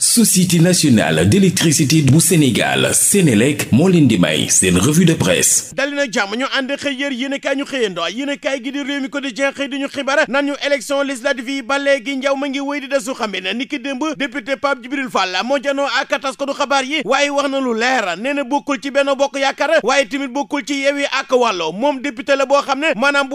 société nationale d'électricité bu Sénégal Sénélec moo leen seen revue de presse dali na jàmm ñu ànd xëy yér yéenekaay ñu xëyandoo yéenekaay gi di réew mi quotidien xëy di ñu xibaar nan ñu élection législative yi ba léegi njaw ma ngi wéy di desu xambin ni ki démb député Pape Djibril Fall moo janoo ak katas ko du xabaar yi waaye wax na lu leer nee bokkul ci Benno Bokk Yaakaar waaye tamit bokkul ci Yewwi ak Wallu moom député la boo xam ne maanaam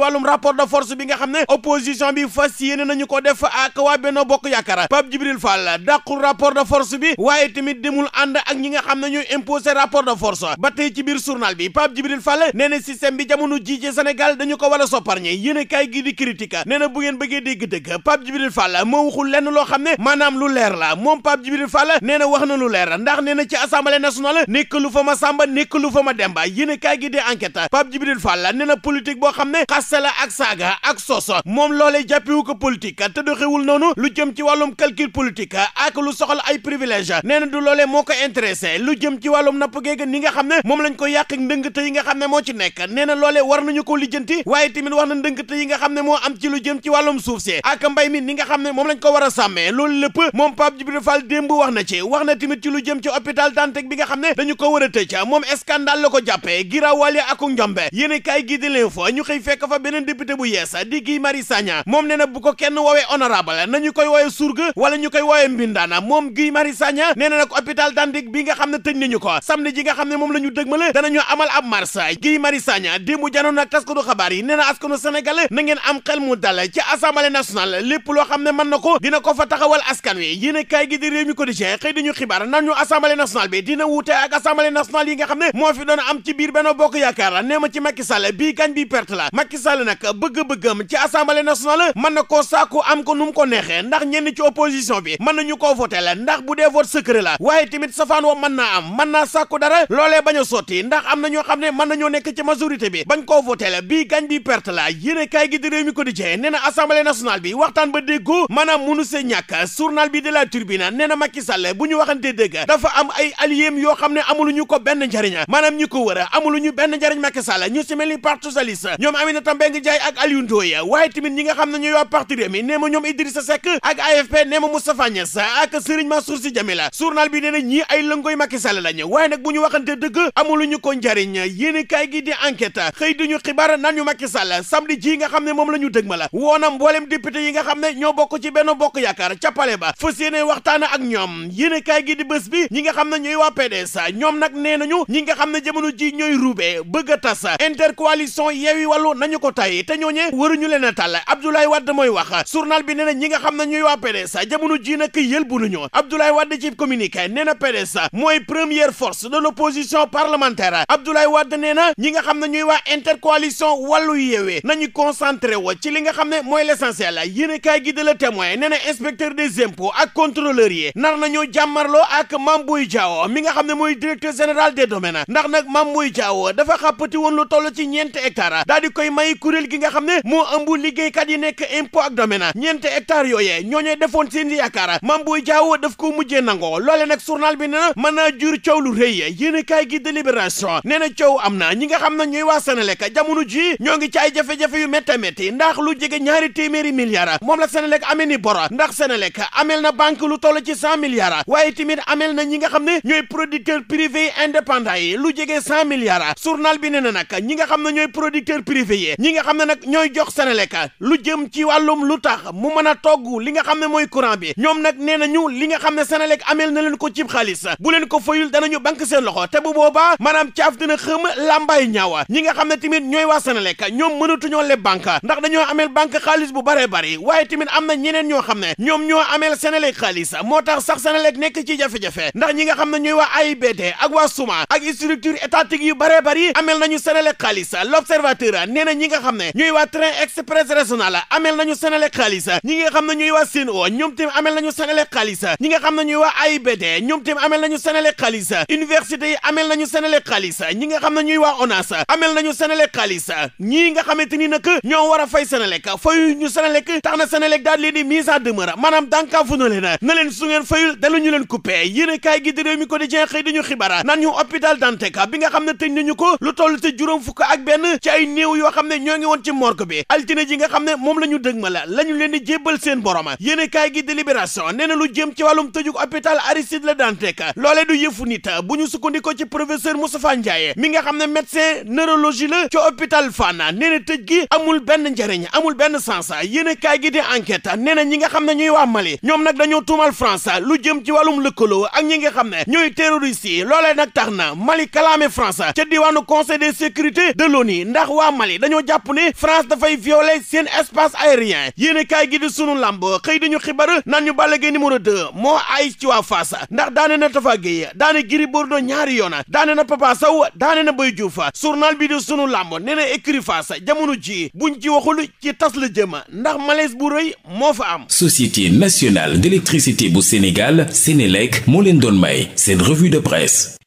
wàllum rapport de force bi nga xam ne opposition bi fas yéene nañu ko def ak waa Benno Bokk Yaakaar Pape Djibril Fall dàqul rapport de force bi waaye tamit demul ànd ak ñi nga xam ne ñuy imposer rapport de force ba tey ci biir journal bi Pape Djibril Fall nee na système bi jamono jii ci Sénégal dañu ko war a sopparñe yéene kaay gi di critique nee na bu ngeen bëggee dégg dëgg Pape Djibril Fall moo lenn loo xam ne maanaam lu leer la moom Pape Djibril Fall nee na wax na lu leer ndax nee na ci assemblée nationale nekk lu fa ma sàmba nekk lu fa ma demba yéene kaay gi di enquête Pape Djibril Fall nee na boo xam ne xas sela ak saaga ak soso moom loolee jàppiwu ko politique te doxewul noonu lu jëm ci wàllum calcul politique ak lu soxla ay privilège nee na du loolee moo ko intéressé lu jëm ci wàllum napp géeg ni nga xam ne moom lañ ko yàq ndëngte yi nga xam ne moo ci nekk nee na loolee war nañu ko lijjanti waaye tamit wax na ndëngte yi nga xam ne moo am ci lu jëm ci wàllum suuf si ak mbay mi ni nga xam ne moom lañ ko war a sàmmee loolu lépp moom Pape Djibril Fall démb wax na ci wax na tamit ci lu jëm ci opital Dantec bi nga xam ne dañu ko war a tëj moom scandale la ko jàppee giraawaale ak njombe yéen kaay gi di leen fa ñu xëy fekk fa beneen député bu yees di Guy Marius Sagna moom nee na bu ko kenn woowee honorable nañu koy woowee surga wala ñu koy woowee mbindaana moom Guy Marius Sagna nee na nag hôpital Dantec bi nga xam ne tëj nañu ko samedi ji nga xam ne moom la ñu dëgmale danañu amal ab mars Guy Marius Sagna démb janoon ak taskatu xabaar yi nee na askanu Sénégal ngeen am xel mu dal ci assemblée nationale lépp loo xam ne mën na ko dina ko fa taxawal askan wi yi ne moo fi Sall nag bëgg-bëggam ci assemblée nationale mën na koo sàkku am ko nu ko neexee ndax ñenn ci opposition bi mën nañu koo voté la ndax bu dee vote secret waaye tamit safaan wa mën naa am mën naa sàkku dara loolee bañ a ndax am na ñoo xam ne mën nañoo nekk ci majorité bi bañ koo voté la gañ bi perte la yéene gi di mi ko di jee nee na bi waxtaan ba déggoo maanaam munu see ñàkk journal bi de la Tribune nee na Macky Sall bu ñu waxantee dëgg dafa am Aminata Mbengue Ndiaye ak Aliou Ndoye waaye tamit ñi nga xam ne ñooy waa parti Rewmi nee ma ñoom Idrissa Seck ak AFP nee ma Moustapha Niass ak Serigne Mansour Sy Djamila journal bi nee na ñii ay lëngoy Macky Sall lañu waaye nag bu ñu waxante dëgg amuluñu ko njariñ yéen kaay gi di enquête xëy duñu ñu naan ñu Macky Sall samedi ji nga xam ne moom la ñu dëg ma la woonam mbooleem député yi nga xam ne ñoo bokk ci benn bokk yaakaar ca pale ba fas yéene waxtaan ak ñoom yéen bi nga xam ne ñooy waa PDS ñoom nag nee nañu ñi nga xam ne jamono ji ñooy ruube bëgg a tas intercoalition yeewi wàllu nañu ko tay te ñooñee waruñu leen a tàll Abdoulaye Wade mooy wax journal bi nee na ñi nga xam na ñuy waa PDS jamono ji nag yëlbunuñu Abdoulaye Wade ci communiqué nee na mooy première force de l'opposition parlementaire Abdoulaye Wade nee na ñi nga xam ne ñuy waa intercoalition wàllu na nañu concentré wo ci li nga xam ne mooy l'essentiel yéen a kaay gi de la témoin nee na inspecteur des impôts ak contrôleur yi nar nañoo jàmmarloo ak Mame Boye Diao mi nga xam ne mooy directeur général des domaines ndax nag Mame Boye Diao dafa xàppati woon lu toll ci ñeenti hectares daal di koy may mooy kuréel gi nga xam ne moo ëmb liggéeykat yi nekk impôt ak domaine ñeenti hectares yooyee ñooñee defoon seen yaakaar mam buy jaaw daf ko mujjee nangoo loole nag surnal bi nee na mën naa jur coow lu ye yéen kaay gi délibération nee na coow am na ñi nga xam na ñooy waa senele jamono ji ñoo ngi ci ay jafe-jafe yu métti métti ndax lu jege ñaari téeméeri milliards moom la Senelec amee ni bor ndax senele amel na banque lu toll ci cent milliards waaye tamit amel na ñi nga xam ne ñooy producteur yi lu jege cent milliards journal bi nee na nag ñi xam ne ñooy producteur ñi nga xam ne nag ñooy jox Senelec lu jëm ci wàllum lu tax mu mën a togg li nga xam ne mooy courant bi ñoom nag nee nañu li nga xam ne Senelec ameel na leen ko cib xaalisa bu leen ko fayul danañu banque seen loxo te bu boobaa maanaam caaf dina xëm làmbaay ñaawa ñi nga xam ne tamit ñooy waa Senelec ñoom mënatuñoo le banque ndax dañoo ameel banque xaalis bu bare bari waaye tamit am na ñeneen ñoo xam ne ñoom ñoo ameel Senelec xaalis moo tax sax Senelec nekk ci jafe ndax ñi nga xam ne ñooy waa AIBD ak waa SUMA ak structure étatique yu bare bari ameel nañu Senelec xaalis l'observateur nee na ñi nga xam ne ñuy waa train express régional amel nañu Senelec xaalis ñi nga xam ne ñuy waa Sen'Eau ñoom tamit amel nañu Senelec xaalis ñi nga xam ne ñuy waa AIBD ñoom tamit amel nañu Senelec xaalis université yi amel nañu Senelec xaalis ñi nga xam ne ñuy waa ONAS amel nañu Senelec xaalis ñii nga xamante ni nag ñoo a fay Senelec na Senelec daal leen di mise en demeure maanaam dànkaafu na leen na leen su ngeen fayul dalu ñu leen coupé yéen a kaay gi di réew mi lu yoo ñoo ngi woon ci morgue bi altine ji nga xam ne moom la ñu dëg ma la la ñu leen di jébbal seen borom yéene kaay gi délibération nee na lu jëm ci wàllum tëjug hôpital Aristide Le Dantec loolee du yëfu bu ñu sukkandikoo ci professeur Moustapha Ndiaye mi nga xam ne médecin neurologie la ci hôpital Fann nee na tëj gi amul benn njariñ amul benn sens yéene kaay gi di enquête nee na ñi nga xam ne ñuy waa Mali ñoom nag dañoo tuumal France lu jëm ci wàllum lëkkaloo ak ñi nga xam ne ñooy terroriste loolee nag tax na Mali kalaame France ca diwaanu conseil de sécurité de l'ONU ndax waa Mali jàpp ne France dafay violer seen espace aérien yéen kaay gi di sunu lamboo xëy dañu ñu xibar ñu Balla Gaye numéro 2 moo ay ci waa Fass ndax daane na Tapha Gueye daane Gris Bordeaux ñaari yoon daane na Papa Sow daane na Boy Diouf surnal bi di sunu làmb nee na écurie Fass jamono ji buñ ci waxul ci tas la jëm ndax malaise bu rëy moo fa am. Société nationale d'électricité bu Sénégal Sénélec moo leen doon may seen revue de presse.